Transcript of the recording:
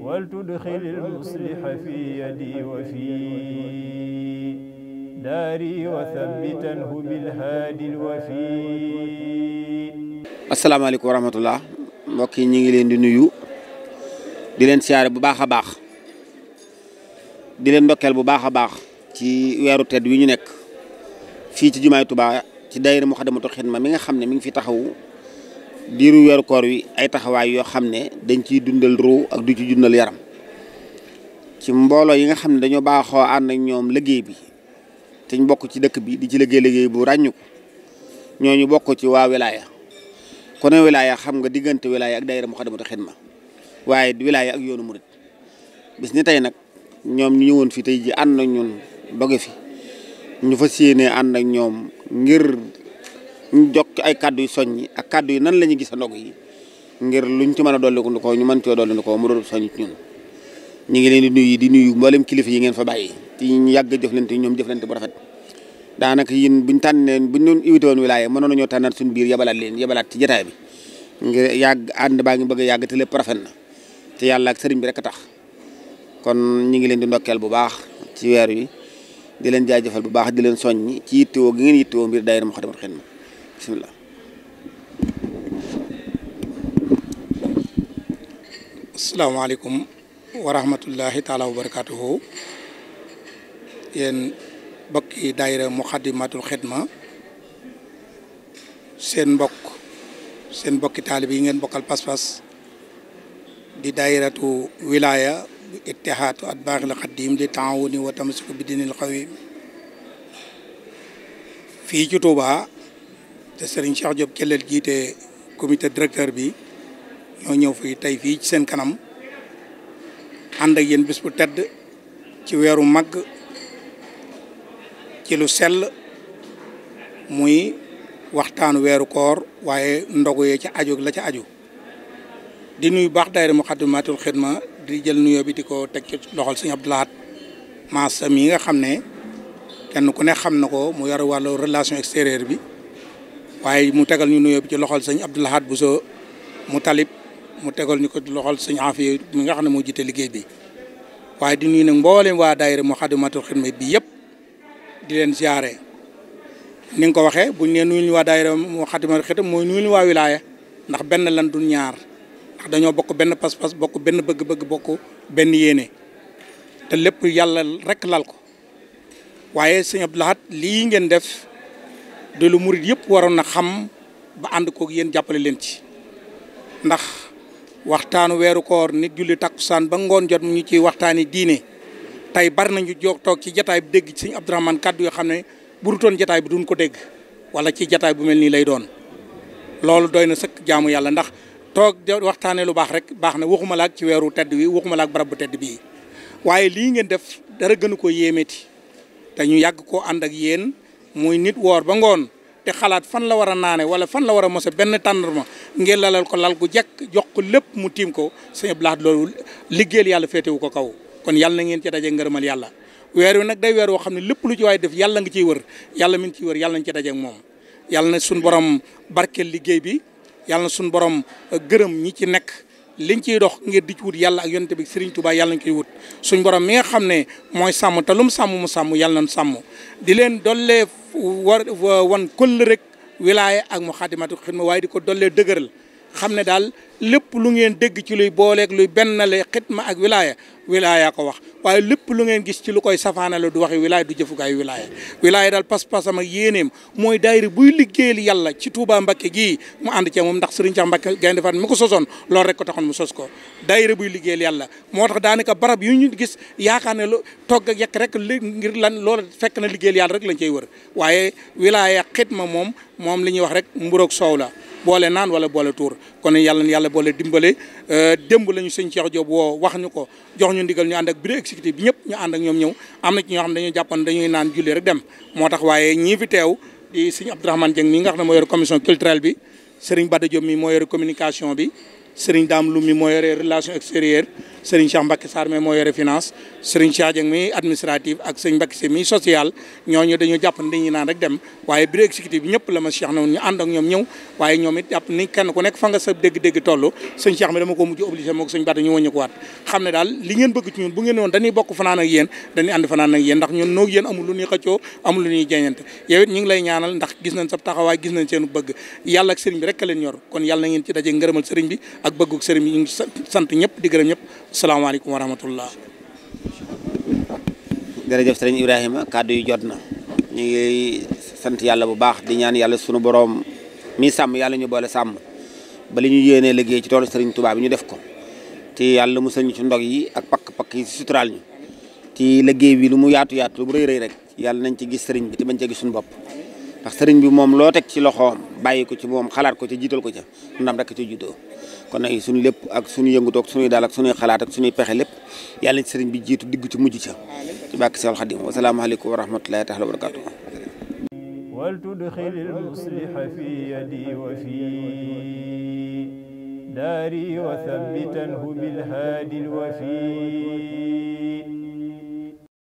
wa المصلح في يدي وفي داري وثبته بالهادي الوفي asalaamaaleykum wa rahmatullah mbokk yi ñu ngi leen di nuyu di leen siyaare bu baax a baax di leen ndokkeel bu baax a baax ci weeru tedd wi ñu nekk fii ci jumaay Tuubaa ci daayira Muxaddamatul Xidma mi nga xam ne mi ngi fi taxaw diiru weeru wi ay taxawaay yoo xam ne dañ ciy dundal ruu ak du ci dundal yaram ci mbooloo yi nga xam ne dañoo baaxoo ànd ak ñoom liggéey bi te ñu bokk ci dëkk bi di ci liggéey liggéey bu ràññu ko ñu bokk ci waa wilaya ku ne wilaya xam nga diggante wilaya ak daayira Muxaddamatul ma waaye wilaya ak yoonu murit bis ni tey nag ñoom ñu ñëwoon fi tey ji ànd nañu ñun fi ñu fas yéenee ànd ak ñoom ngir. ñu jokk ay kàddu yu soññi ak kàddu yi nan la ñuy gis a ndog yi ngir luñ ci mën a dolli ko ñu mën coo dolli ko mu doon soññ ci ñun ñu ngi leen di nuyu di nuyu mboolem kilifa yi ngeen fa bàyyi ci ñu yàgg jëflante ñoom jëflante bu rafet daanaka yéen buñ tànnee buñ doon invité woon wilaaya mënoon nañoo tànnaat suñu biir yabalaat leen yabalaat ci jataay bi ngir yàgg ànd baa ngi bëgg a yàgg te lépp rafet na te yàlla ak sëriñ bi rek a tax kon ñu ngi leen di ndokkeel bu baax ci weer wi di leen jaajëfal bu baax di leen soññ ci yittewoo gi ngeen yittewoo mbir daayira Moukhaddamatoul Khidma bisimilah asalaamaaleykum wa rahmatullahi taala wa barakaatuhu yéen bokki daayira muxaddamatul xidma seen mbokk seen mbokki taalib yi ngeen bokkal pas di daayiratu wilaya ittihaadu atbaaxil xaddiim di taawuni wa tamasuku bi dinil xawim fii ci te Serigne Cheikh Diop Kellel jiite comité directeur bi ñoo ñëw fii tey fii ci seen kanam ànd ak bis bu tedd ci weeru mag ci lu sell muy waxtaanu weeru koor waaye ndogu yee ca aju la ca ajo di nuyu baax daayira Muxaddamatul Xidma di jël nuyoo bi di ko teg ci loxol Sëriñ Abdou Lahad Maas mi nga xam ne kenn ku ne xam na ko mu yor wàllu relation extérieure bi waaye mu tegal ñu nuy bi ci loxol sëñ Abdou Lahad soo mu talib mu tegal ñu ko ci loxol sëñ Afiya mi nga xam ne moo jiite liggéey bi waaye di nuyu nag mboole waa daayira Moukhaddamatoul Khidma bi yëpp di leen siyaare ni nga ko waxee buñ ne nuyu ñu waa daayira Moukhaddamatoul Khidma mooy nuyu ñu waa ndax benn lan du ñaar ndax dañoo bokk benn pas-pas bokk benn bëgg-bëgg bokk benn yéene te lépp yàlla rek lal ko waaye sëñ Abdou lii ngeen def de lu murit yëpp waroon na xam ba ànd koog yéen jàppale leen ci ndax waxtaanu weeru koor nit julli takkusaan ba ngoon jot mu ñu ciy waxtaani diine tey bari nañu joog toog ci jataay bi dégg sëñ Abdourahmane kàddu yoo xam ne bu dutoon jataay bi duñ ko dégg wala ci jataay bu mel nii lay doon loolu doy na sëkk jaamu yàlla ndax toog waxtaanee lu baax rek baax na waxuma la ci weeru tedd wi waxuma la barab bu tedd bii waaye lii ngeen def dara gënu ko yéemeeti te ñu yàgg koo ànd ak yéen muy nit woor ba ngoon te xalaat fan la war a naane wala fan la war a mose benn ma ngeen lalal ko lal gu jekk jox ko lépp mu tiim ko sëñ Abdou Lahad loolu liggéeyal yàlla féetewu ko kaw kon yàlla ngeen ci daje ngërëmal yàlla weer wi nag day weer woo xam ne lépp lu ci waay def yàlla nga ciy wër yàlla mi ngi ciy wër yàlla nañ ci daje moom yàlla na suñu borom barkeel liggéey bi yàlla na suñu borom gërëm ñi ci nekk liñ ciy dox ngir di ci wut yàlla ak yonte bi Serigne Touba yàlla ñu koy wut suñ borom mi nga xam ne mooy sàmm te sàmm mu sàmm yàlla nañ sàmm di leen dollee war wan këll rek wilaaya ak mu xaadimatu xidma waaye di ko dollee dëgëral xam ne daal lépp lu ngeen dégg ci luy booleeg luy bennale xitma ak wilaya wilaya ko wax waaye lépp lu ngeen gis ci lu koy safaanale du waxi wilaya du jëfukaay wilaya wilaya daal pas-pasam ak yéeneem mooy daayira buy yàlla ci Touba Mbakke gii mu ànd cee moom ndax Serigne Cheikh Mbakke Gaynde Fatma ko sosoon loolu rek ko taxoon mu sos ko daayira buy liggéeyal yàlla moo tax daanaka barab yu ñu gis yaakaar ne lu togg ak yekk rek ngir lan loolu fekk na liggéeyal yàlla rek lañ cey wër waaye wilaya xitma moom moom li ñuy wax rek mburoog soow la boole naan wala boole tuur kon yàlla yàlla boole dimbale euh, démb la ñu sëñ Cheikh Diop woo wax ñu ko jox ñu ndigal ñu ànd ak bureau exécutif bi ñëpp ñu ànd ak ñoom ñëw am na ci ñoo xam ne dañuy jàppoon dañuy naan julli rek dem moo tax waaye ñii fi teew di sëñ Abdourahmane Dieng mi nga xam ne moo yor commission culturelle bi Serigne Bada Diop mi moo yor communication bi Serigne Dame Loum mi moo yore relation extérieure sëriñ Cheikh Mbacke Sarr mi moo yore finance sëriñ Cheikh Dieng mi administratif ak sëriñ Mbacke si mi social ñooñu dañoo jàpp ne dañuy naan rek dem waaye bureau exécutif bi ñëpp la ma Cheikh na woon ñu ànd ak ñoom ñëw waaye ñoom it ni kenn ku nekk fa nga sa dégg toll sëriñ Cheikh mi dama ko mujj obligé moo ko sëriñ xam ne daal li ngeen bëgg ci bu ngeen woon bokk fanaan ak yéen dañuy ànd fanaan ak yéen ndax ñun noog yéen amul lu ñuy xëccoo amul lu ñuy jeñante yow ñu ngi lay ñaanal ndax gis nañ sa taxawaay gis nañ seenu bëgg yàlla ak sëriñ bi rek a leen ñor kon yàlla ngeen ci daje ngërëmal sëriñ bi ak bëgguk sëriñ bi ñu ngi sant ñëpp di ñëpp salaamaaleykum wa rahmatullah. jërëjëf sëriñ Ibrahima kàddu yi jot na ñu ngi sant yàlla bu baax di ñaan yàlla sunu boroom mi sàmm yàlla ñu boole sàmm ba li ñu yéenee liggéey ci toolu sëriñ Tuubaa bi ñu def ko te yàlla musal ñu ci ndog yi ak pakk-pakk yi si suturaal ñu ci liggéey bi lu mu yaatu yaatu lu mu rëy rëy rek yàlla nañ ci gis sëriñ bi te bañ ci gis suñu bopp. ndax sëriñ bi moom loo teg ci loxoom bàyyi ko ci moom xalaat ko ci jiital ko ca ndam rek ci juddoo kon nag suñu lépp ak suñu yëngutoog suñuy daal ak suñuy xalaat ak suñuy pexe lépp yàlla ci sëriñ bi jiitu digg ci mujj ca ci bàkk Seexul Xadim wasalaamaaleykum wa rahmatullahi taala wa barakatuh wal tudxilil musliha fi yadi wa fi daari wa thabbitanhu bil haadi al wafi